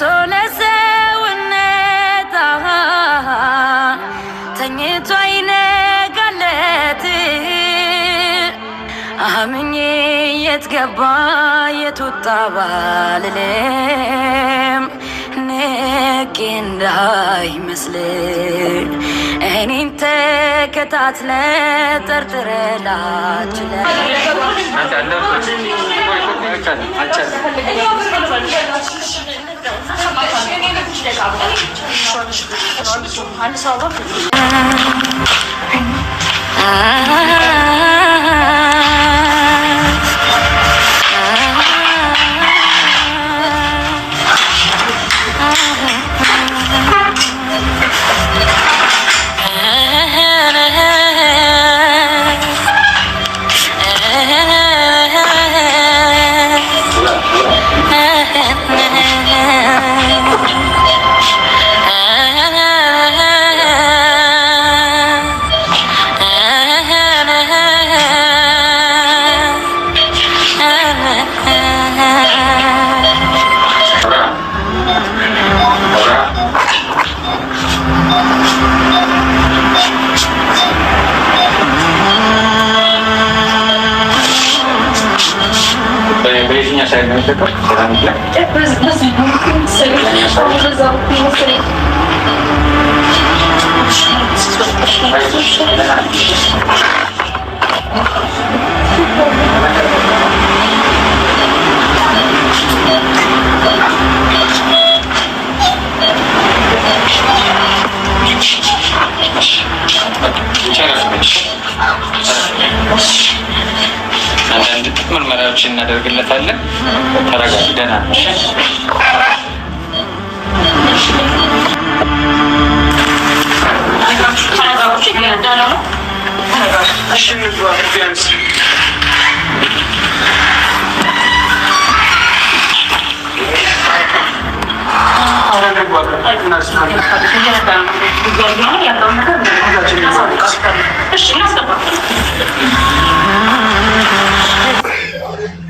ደርሶ ለሰውነት ተኝቶ አይነጋለት አምኜ የት ገባ የት ወጣ ባልልም ንቄ እንዳይመስልህ እኔን ተከታትለ ጠርጥረ Hangisi olur? Hangisi Allah bilir. Thank you. ምርመራዎች እናደርግለታለን። ተረጋጊ፣ ደህና ነሽ። እሺ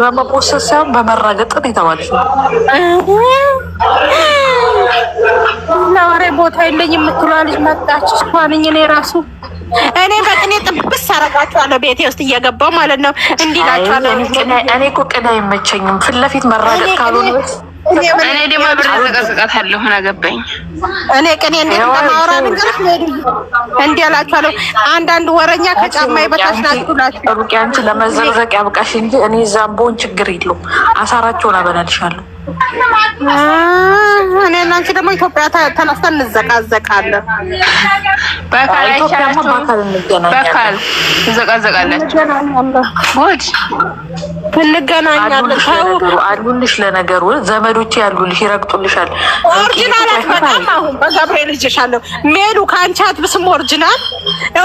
በመቆሰስ ሳይሆን በመራገጥ የተባለች ነው። ለወሬ ቦታ የለኝም የምትለዋ ልጅ መጣች። እሷን እኔ ራሱ እኔ በቅኔ ጥብስ አረጋችኋለሁ ቤቴ ውስጥ እየገባሁ ማለት ነው። እንዲህ እኔ እኮ ቅኔ አይመቸኝም ፊት ለፊት መራገጥ ካልሆነ እኔ ደግሞ ብር አለ ምን አገባኝ እኔ ቅኔ እንዴት እንደማወራ ነገር እንዲህ እላችኋለሁ። አንዳንድ ወረኛ ከጫማዬ በታች ናችሁላችሁ። እላችሁ። ሩቅ አንቺ ለመዘቅዘቅ ያብቃሽ እንጂ እኔ ዛምቦን ችግር የለውም። አሳራቸውን አበላልሻለሁ። እኔ እና አንቺ ደግሞ ኢትዮጵያ ተነስተን እንዘቃዘቃለን። በካል አይቻላችሁም። በካል ትዘቃዘቃላችሁ። ጉድ እንገናኛለን። ለነገሩ ዘመዶች ያሉልሽ ይረግጡልሻል። ኦሪጂናል አትመጣም። አሁን በገብርኤል ልጅሻለሁ ሜሉ ከአንቺ አትብስም። ኦሪጂናል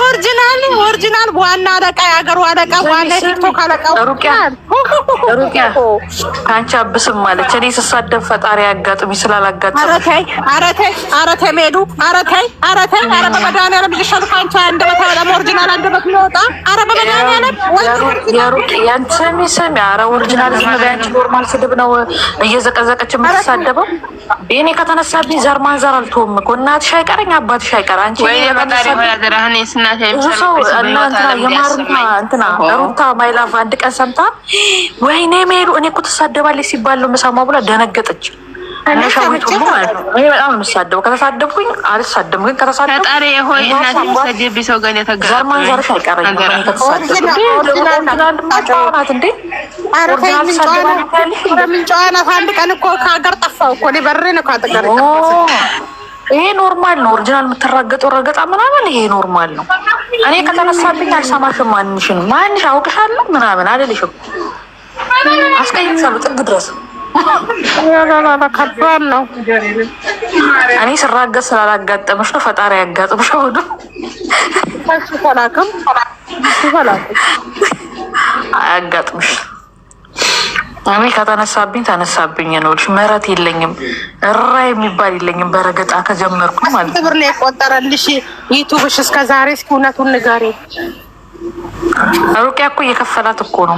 ኦሪጂናል ኦሪጂናል ዋና አለቃ የሀገሩ አለቃ ዋና ቲክቶክ አለቃ ሩቅያ ሩቅያ ከአንቺ አብስም አለች። እኔ ስሳደብ ፈጣሪ ያጋጥሚ ስላላጋጥም ኧረ ተይ ኧረ ተይ ኧረ ተይ ሜሉ ኧረ ተይ ኧረ ተይ ኧረ በመድኃኒዓለም ልጅሻለሁ ከአንቺ አንደበት በጣም ኦሪጂናል አንደበት የሚወጣ ኧረ በመድኃኒዓለም ወይ ያንቺ ሚስም ኧረ ኦሪጂናል ዝም በይ አንቺ። ኖርማል ስድብ ነው እየዘቀዘቀች የምትሳደበው። እኔ ከተነሳብኝ ዘር ማንዘር አልተውም እኮ እናትሽ አይቀረኝ አባትሽ አይቀር አንቺ ሰው እናንትና የማርና እንትና ሩታ ማይላፍ አንድ ቀን ሰምታ ወይኔ ሜሉ እኔ እኮ ትሳደባለች ሲባል ነው የምሰማው ብላ ደነገጠች። ሰዎች የምሳደበው። ከተሳደብኩኝ አልሳደብም፣ ግን ከተሳደብኩ ይሄ ኖርማል ነው። ኦሪጂናል የምትራገጠው ረገጣ ምናምን ይሄ ኖርማል ነው። እኔ ከተነሳብኝ አልሰማሽም፣ ማንሽን ማንሽ አውቅሻለሁ ምናምን አልልሽም። አስቀይም ሰው ጥግ ድረስ ከባድ ነው። እኔ ስራገጥ ስላላጋጠመሽ ነው። ፈጣሪ ያጋጥምሽ። ሆኖ ፈላክም አያጋጥምሽ። እኔ ከተነሳብኝ ተነሳብኝ ነው። ምህረት የለኝም፣ እራ የሚባል የለኝም። በረገጣ ከጀመርኩ ማለት ነው። ብር ነው የቆጠረልሽ ዩቱብሽ እስከ ዛሬ። እስኪ እውነቱን ንገሪ። ሩቅያ እኮ እየከፈላት እኮ ነው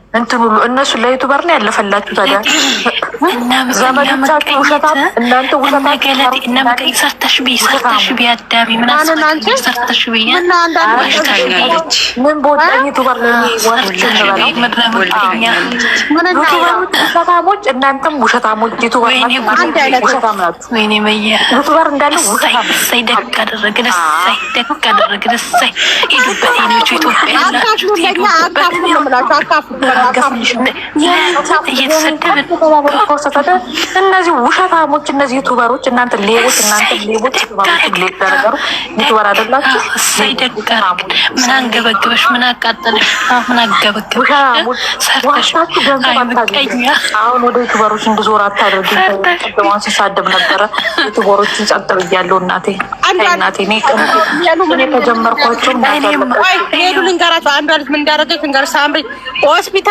እንትኑ እነሱ ለዩቱበር ነው ያለፈላችሁ። ታዲያ ዘመዶቻችሁ ውሸታም እናንተ ምን በወጣኝ ዩቱበር ውሸታሞች፣ እናንተም ውሸታሞች ዩቱበር እንዳለ ውሸታም እነዚህ ውሸታሞች፣ እነዚህ ዩቱበሮች፣ እናንተ ሌቦች፣ እናንተ ሌቦች ዩቱበር አይደላችሁ። ምን አንገበግበሽ? ምን አቃጠለሽ? ምን አገበግበሽ? አሁን ወደ ዩቱበሮች እንድዞር አታደርግ። ቅድማን ሲሳደብ ነበረ ዩቱበሮችን ጸጥ ብያለሁ። እናቴ እናቴ ከጀመርኳቸው ሄዱ ልንገራቸው አንዷ ልጅ ምን እንዳደረገች ልንገርሽ ሳምሪ ሆስፒታል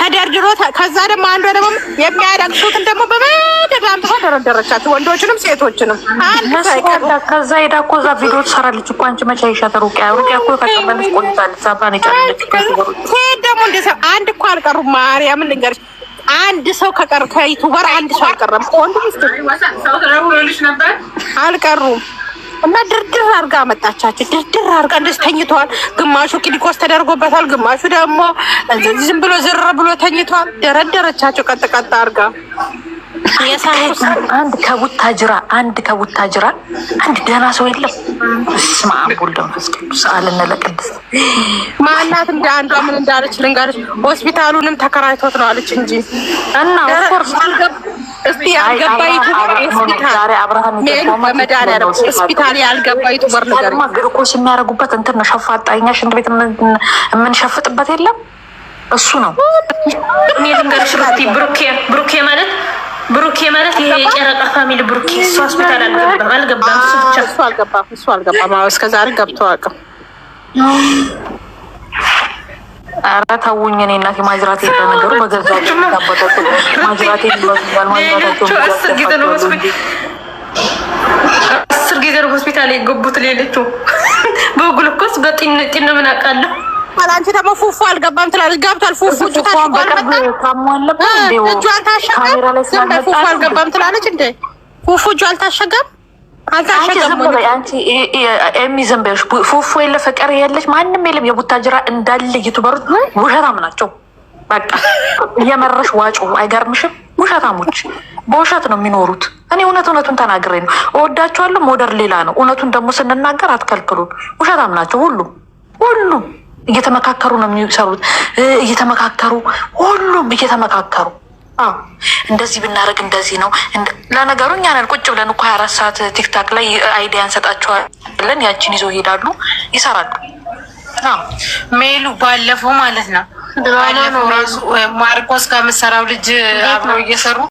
ተደርድሮ ከዛ ደግሞ አንዷ ደግሞ የሚያለቅሱትን ደግሞ በመደብ አምጥታ ደረደረቻቸው፣ ወንዶችንም ሴቶችንም። ከዛ ሄዳ እኮ እዛ ቪዲዮ ትሰራለች እኮ አንቺ መቼ ይሻተሩ ሩቂያ እኮ ከቀበለች ቆይታለች። አባን ጫለች ሴት ደግሞ እንደ ሰው አንድ እኮ አልቀሩ ማርያምን ልንገርሽ አንድ ሰው ከቀር ከዩቱበር አንድ ሰው አልቀረም። ወንድ ወንዱ አልቀሩም እና ድርድር አርጋ መጣቻቸው። ድርድር አርጋ እንደዚህ ተኝተዋል። ግማሹ ቂሊቆስ ተደርጎበታል፣ ግማሹ ደግሞ ዝም ብሎ ዝር ብሎ ተኝተዋል። ደረደረቻቸው ቀጥ ቀጥ አርጋ። አንድ ከቡታጅራ አንድ ከቡታጅራ አንድ ደህና ሰው የለም። እስማ አቡል ደንፈስ ቅዱስ አለነ ለቅዱስ ማናት እንደ አንዷ ምን እንዳለች ልንገርሽ፣ ሆስፒታሉንም ተከራይቶት ነው አለች እንጂ እና ኦፍኮርስ አልገባ እስቲ ያልገባይቱ ሆስፒታል ሆስፒታል ያልገባይቱ በር ነገር ግልኮስ የሚያደርጉበት እንትን ነው። ሸፋጣኛ ሽንት ቤት የምንሸፍጥበት የለም እሱ ነው። እኔ ልንገርሽ ብቲ ብሩኬ ብሩኬ ማለት ብሩኬ ማለት ይሄ የጨረቃ ፋሚሊ ብሩኬ እሱ ሆስፒታል አልገባም አልገባም። እሱ ብቻ እሱ አልገባም። እሱ አልገባም። እስከዛሬ አቅም አረ ተውኝ። እኔ እናቴ ማጅራት ነገሩ በገዛቸው አስር ጊዜ ነው ሆስፒታል የገቡት። ሌለችው በጉልኮስ በጤና ምን አውቃለሁ። አንቺ ደግሞ ፉፉ አልገባም ትላለች። ገብቷል። ፉፉ እጁ አልታሸገም። ፉፉ አልገባም ትላለች እንዴ ፉፉ እጁ አልታሸገም ኤሚ ፉፉ የለ ፍቅር የለሽ ማንም የለም። የቡታጅራ እንዳለ ውሸታም ናቸው። በቃ እየመረሽ ዋጮ አይገርምሽም? ውሸታሞች በውሸት ነው የሚኖሩት። እኔ እውነት እውነቱን ተናግሬ ነው እወዳቸዋለሁ። ሞደር ሌላ ነው። እውነቱን ደግሞ ስንናገር አትከልክሉን። ውሸታም ናቸው ሁሉም ሁሉም እየተመካከሩ ነው የሚሰሩት። እየተመካከሩ ሁሉም እየተመካከሩ እንደዚህ ብናደርግ እንደዚህ ነው። ለነገሩ እኛ ነን ቁጭ ብለን እኮ ሀያ አራት ሰዓት ቲክታክ ላይ አይዲያ እንሰጣቸዋለን ያችን ይዘው ይሄዳሉ፣ ይሰራሉ። ሜሉ ባለፈው ማለት ነው ማርቆስ ከምሰራው ልጅ አብረው እየሰሩ